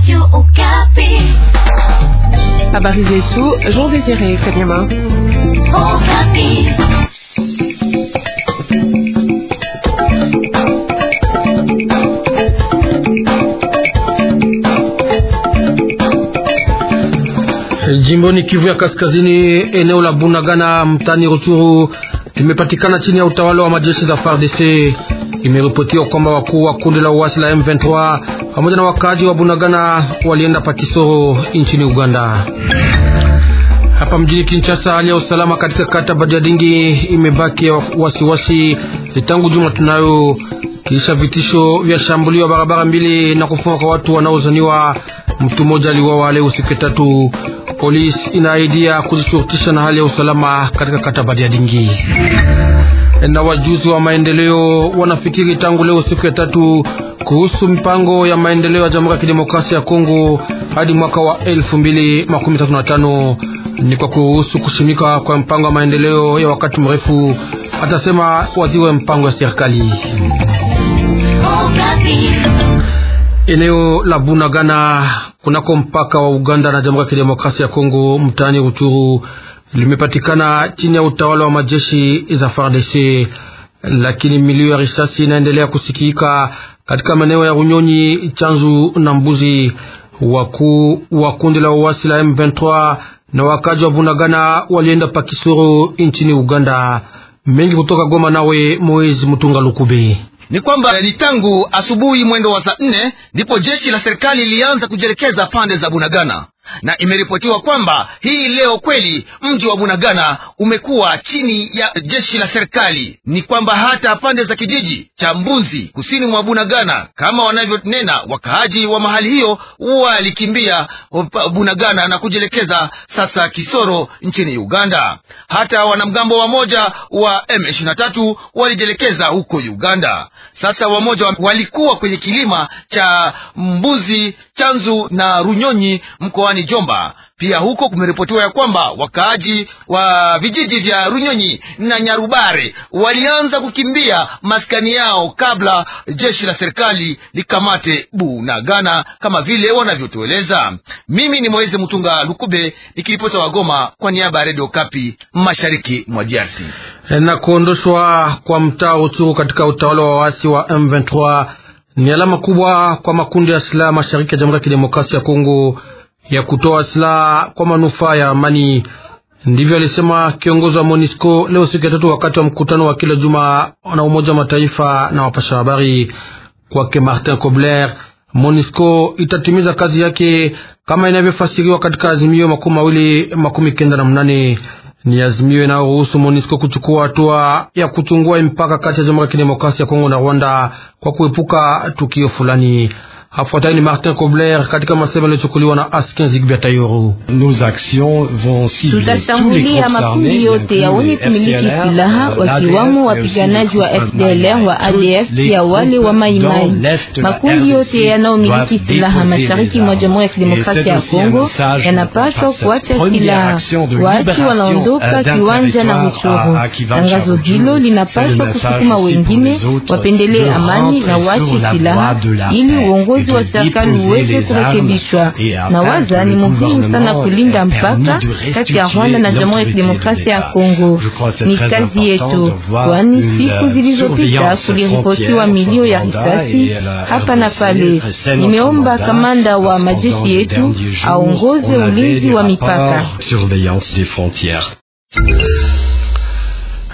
Radio Okapi. Habari zetu, Jean Désiré Kanyama. Okapi. Jimboni Kivu ya Kaskazini, eneo la Bunagana mtani Rutshuru limepatikana chini ya utawala wa majeshi za FARDC. Imeripotiwa kwamba wakuu wa kundi la uasi la M23 pamoja na wakazi wa Bunagana walienda Pakisoro nchini Uganda. Hapa mjini Kinshasa, hali ya usalama katika kata Badiadingi imebaki wasiwasi tangu juma tunayo kisha vitisho vya shambulio barabara mbili na kufunga kwa watu wanaozaniwa. Mtu mmoja aliuawa leo siku tatu Polisi inaaidia kujishurutisha na hali ya usalama katika kata Badiadingi. Na wajuzi wa maendeleo wanafikiri tangu leo siku ya tatu kuhusu mpango ya maendeleo ya Jamhuri ya Kidemokrasia ya Kongo hadi mwaka wa 2035 ni kwa kuhusu kushimika kwa mpango wa maendeleo ya wakati mrefu, atasema waziri wa mpango ya serikali. Oh, Eneo la Bunagana kunako mpaka wa Uganda na Jamhuri ya Kidemokrasia ya Kongo, mtaani Ruchuru, limepatikana chini ya utawala wa majeshi za FARDC, lakini milio ya risasi inaendelea kusikika katika maeneo ya Runyonyi, Chanzu na Mbuzi. Wakuu wa kundi la uasi la M23 na wakaji wa Bunagana walienda Pakisoro nchini Uganda. Mengi kutoka Goma, nawe moise Mutunga Lukube ni kwamba ni tangu asubuhi mwendo wa saa nne ndipo jeshi la serikali lilianza kujielekeza pande za Bunagana na imeripotiwa kwamba hii leo kweli mji wa Bunagana umekuwa chini ya jeshi la serikali. Ni kwamba hata pande za kijiji cha Mbuzi kusini mwa Bunagana, kama wanavyonena wakaaji wa mahali hiyo, walikimbia Bunagana na kujielekeza sasa Kisoro nchini Uganda. Hata wanamgambo wamoja wa M23 walijielekeza huko Uganda. Sasa wamoja walikuwa kwenye kilima cha Mbuzi, Chanzu na Runyonyi mkoani mkoani Jomba. Pia huko kumeripotiwa ya kwamba wakaaji wa vijiji vya Runyonyi na Nyarubare walianza kukimbia maskani yao kabla jeshi la serikali likamate Bunagana kama vile wanavyotueleza. Mimi ni moeze Mutunga Lukube nikiripota Goma kwa niaba ya Redio Kapi mashariki mwa DRC. E, na kuondoshwa kwa mtaa Ruchuru katika utawala wa waasi wa M23 ni alama kubwa kwa makundi ya silaha mashariki ya Jamhuri ya Kidemokrasia ya Kongo ya kutoa silaha kwa manufaa ya amani. Ndivyo alisema kiongozi wa MONUSCO leo siku ya tatu, wakati wa mkutano wa kila juma na Umoja wa Mataifa na wapasha habari. Kwake Martin Kobler, MONUSCO itatimiza kazi yake kama inavyofasiriwa katika azimio makumi mawili makumi kenda na mnane ni azimio inayoruhusu MONUSCO kuchukua hatua ya kuchungua mpaka kati ya Jamhuri ya Kidemokrasia ya Kongo na Rwanda kwa kuepuka tukio fulani. Hafuatani Martin Kobler katika masema yaliyochukuliwa na Askin Zigbia Tayoro. Tutashambulia makundi yote ya wenye kumiliki silaha wakiwamo wapiganaji wa FDLR wa ADF pia wale wa Maimai. Makundi yote yanayomiliki silaha mashariki mwa Jamhuri ya Kidemokrasia ya Kongo yanapaswa kuacha silaha. Watu wanaondoka euh, kiwanja na Ruchuru. Tangazo hilo linapaswa kusukuma wengine wapendelee amani na wache silaha ili uongozi uongozi wa serikali uweze kurekebishwa. Na waza ni muhimu sana kulinda mpaka kati ya Rwanda na Jamhuri ya Kidemokrasia ya Kongo. Ni kazi yetu, kwani siku euh, zilizopita kuliripotiwa milio ya risasi hapa na pale. Nimeomba kamanda wa majeshi yetu aongoze ulinzi wa mipaka.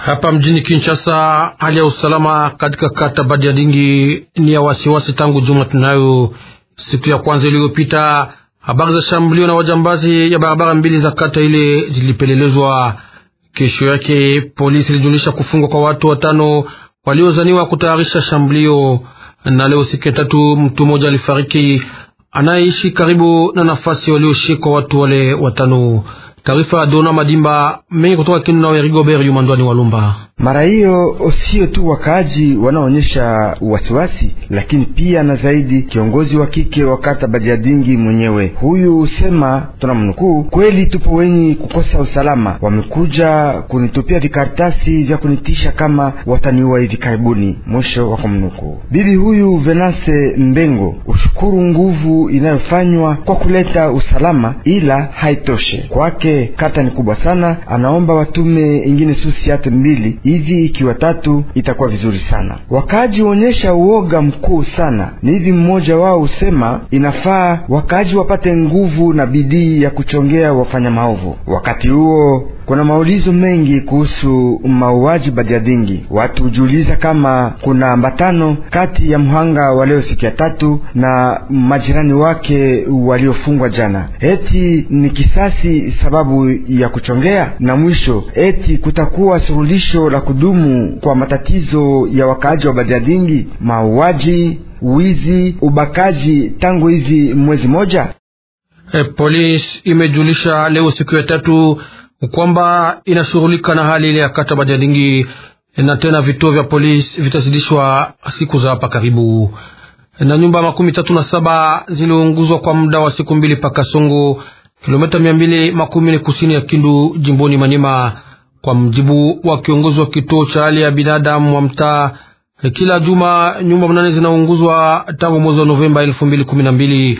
Hapa mjini Kinshasa, hali ya usalama katika kata Badiadingi ni ya wasiwasi tangu juma tunayo siku ya kwanza iliyopita. Habari za shambulio na wajambazi ya barabara mbili za kata ile zilipelelezwa. Kesho yake polisi ilijulisha kufungwa kwa watu watano waliozaniwa kutayarisha shambulio, na leo siku tatu mtu mmoja alifariki anayeishi karibu na nafasi walioshikwa watu wale watano. Taarifa Dona Madimba mengi kutoka Kindu na Rigobert Yumandwani Walumba. Mara hiyo sio tu wakaaji wanaonyesha wasiwasi, lakini pia na zaidi kiongozi wa kike wa kata Badiadingi mwenyewe. Huyu sema tunamnukuu, kweli tupo wenye kukosa usalama, wamekuja kunitupia vikaratasi vya kunitisha kama wataniua hivi karibuni, mwisho wa kumnukuu. Bibi huyu Venase Mbengo ushukuru nguvu inayofanywa kwa kuleta usalama, ila haitoshe kwake Eh, ambaye ni kubwa sana, anaomba watume ingine susiate mbili hivi, ikiwa tatu itakuwa vizuri sana. Wakaaji huonyesha uoga mkuu sana, ni hivi mmoja wao husema inafaa wakaaji wapate nguvu na bidii ya kuchongea wafanya maovu. Wakati huo kuna maulizo mengi kuhusu mauaji Badiadingi. Watu hujiuliza kama kuna ambatano kati ya mhanga wa leo siku ya tatu na majirani wake waliofungwa jana, eti ni kisasi sababu ya kuchongea, na mwisho eti kutakuwa suluhisho la kudumu kwa matatizo ya wakaaji wa Badiadingi: mauaji, wizi, ubakaji tangu hizi mwezi moja. Hey, eh, polisi imejulisha leo siku ya tatu kwamba inashughulika na hali ile ya kata Badialingi, na tena vituo vya polisi vitazidishwa siku za hapa karibu. Na nyumba makumi tatu na saba ziliunguzwa kwa muda wa siku mbili paka Songo, kilomita mia mbili makumi ni kusini ya Kindu, jimboni Manyema, kwa mjibu wa kiongozi wa kituo cha hali ya binadamu wa mtaa. Kila juma nyumba mnane zinaunguzwa tangu mwezi wa Novemba elfu mbili kumi na mbili.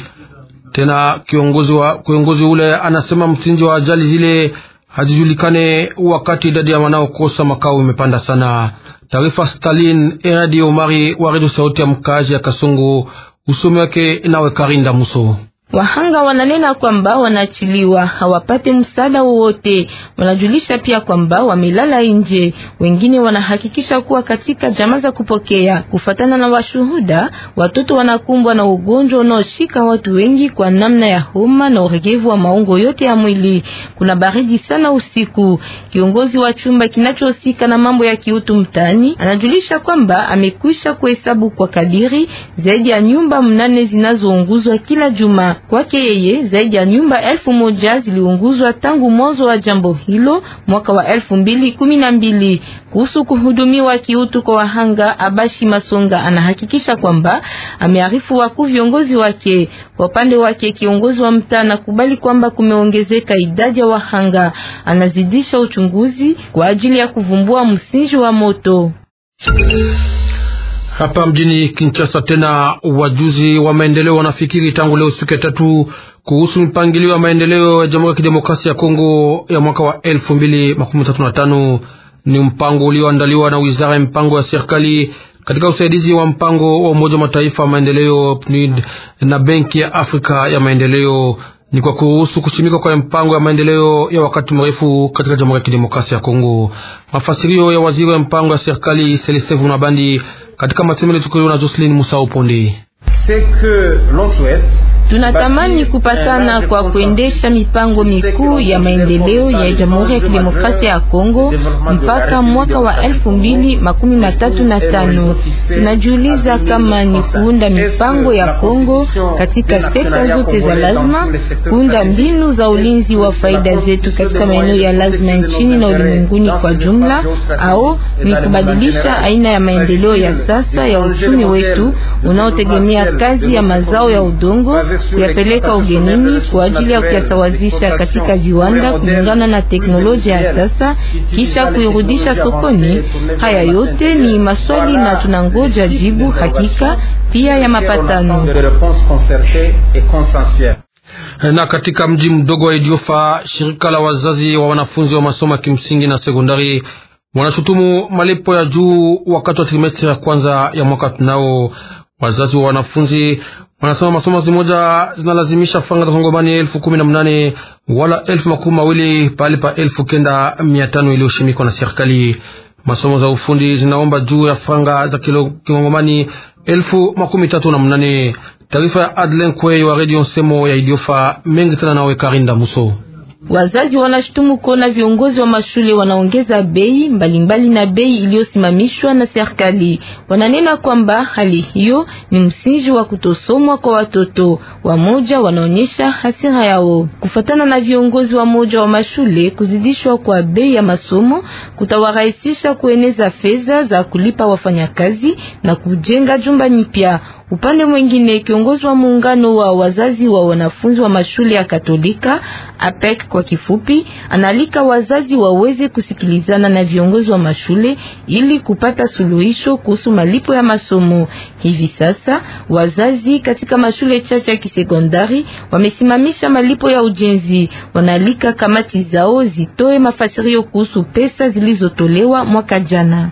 Tena kiongozi wa kiongozi ule anasema msingi wa ajali zile hazijulikane wakati idadi ya wanaokosa makao imepanda sana. Taarifa Stalin Eradi Omari wa Redio Sauti ya Mkaaji ya Kasungu, usomi wake nawe Karinda Muso. Wahanga wananena kwamba wanaachiliwa, hawapati msaada wowote. Wanajulisha pia kwamba wamelala nje, wengine wanahakikisha kuwa katika jamaa za kupokea. Kufatana na washuhuda, watoto wanakumbwa na ugonjwa unaoshika watu wengi kwa namna ya homa na uregevu wa maungo yote ya mwili. Kuna baridi sana usiku. Kiongozi wa chumba kinachohusika na mambo ya kiutu mtaani anajulisha kwamba amekwisha kuhesabu kwa kadiri zaidi ya nyumba mnane zinazounguzwa kila juma. Kwake yeye zaidi ya nyumba elfu moja ziliunguzwa tangu mwanzo wa jambo hilo mwaka wa elfu mbili kumi na mbili. Kuhusu kuhudumiwa kiutu kwa wahanga, Abashi Masonga anahakikisha kwamba amearifu wakuu viongozi wake. Kwa upande wake, kiongozi wa mtaa anakubali kwamba kumeongezeka idadi ya wahanga, anazidisha uchunguzi kwa ajili ya kuvumbua msingi wa moto. Hapa mjini Kinshasa tena, wajuzi wa maendeleo wanafikiri tangu leo siku ya tatu kuhusu mpangilio wa maendeleo ya Jamhuri ya Kidemokrasia ya Kongo ya mwaka wa tano. ni mpango ulioandaliwa na Wizara ya Mpango ya Serikali katika usaidizi wa mpango wa Umoja wa Mataifa maendeleo PNUD na Benki ya Afrika ya Maendeleo ni kwa kuhusu kuchimika kwa mpango ya maendeleo ya wakati mrefu katika Jamhuri ya Kidemokrasia ya Kongo. Mafasirio ya waziri wa mpango ya serikali Selisevu na Bandi katika matembele tukio na Jocelyn Musa Uponde. Tunatamani kupatana kwa kuendesha mipango mikuu ya maendeleo ya Jamhuri ya Kidemokrasia ya Kongo mpaka mwaka wa elfu mbili makumi matatu na tano. Tunajiuliza kama ni kuunda mipango ya Kongo katika sekta zote za lazima, kuunda mbinu za ulinzi wa faida zetu katika maeneo ya lazima nchini na ulimwenguni kwa jumla, au ni kubadilisha aina ya maendeleo ya sasa ya uchumi wetu unaotegemea kazi ya mazao ya udongo kuyapeleka ugenini kwa ajili ya kuyasawazisha katika viwanda kulingana na teknolojia ya sasa, kisha kuirudisha sokoni. Haya yote ni maswali na tunangoja jibu hakika pia ya mapatano na katika mji mdogo wa Idiofa, shirika la wazazi wa wanafunzi wa masomo ya kimsingi na sekondari wanashutumu malipo ya juu wakati wa trimestri ya kwanza ya mwaka tunao. Wazazi wa wanafunzi wanasema masomo zimoja zinalazimisha fanga za kongomani elfu kumi na mnane wala elfu makumi mawili pahali pa elfu kenda mia tano iliyoshimikwa na serikali. Masomo za ufundi zinaomba juu ya fanga za kikongomani elfu makumi tatu na mnane. Taarifa ya Adlen Kwey wa redio Nsemo ya Idiofa mengi tena nawe Karinda Muso. Wazazi wanashutumu kuona viongozi wa mashule wanaongeza bei mbalimbali na bei iliyosimamishwa na serikali. Wananena kwamba hali hiyo ni msingi wa kutosomwa kwa watoto. Wamoja wanaonyesha hasira yao. Kufatana na viongozi wa moja wa mashule, kuzidishwa kwa bei ya masomo kutawarahisisha kueneza fedha za kulipa wafanyakazi na kujenga jumba nyipya. Upande mwingine, kiongozi wa muungano wa wazazi wa wanafunzi wa mashule ya Katolika APEC kwa kifupi, analika wazazi waweze kusikilizana na viongozi wa mashule ili kupata suluhisho kuhusu malipo ya masomo. Hivi sasa wazazi katika mashule chache ya kisekondari wamesimamisha malipo ya ujenzi. wanalika kamati zao zitoe mafasirio kuhusu pesa zilizotolewa mwaka jana.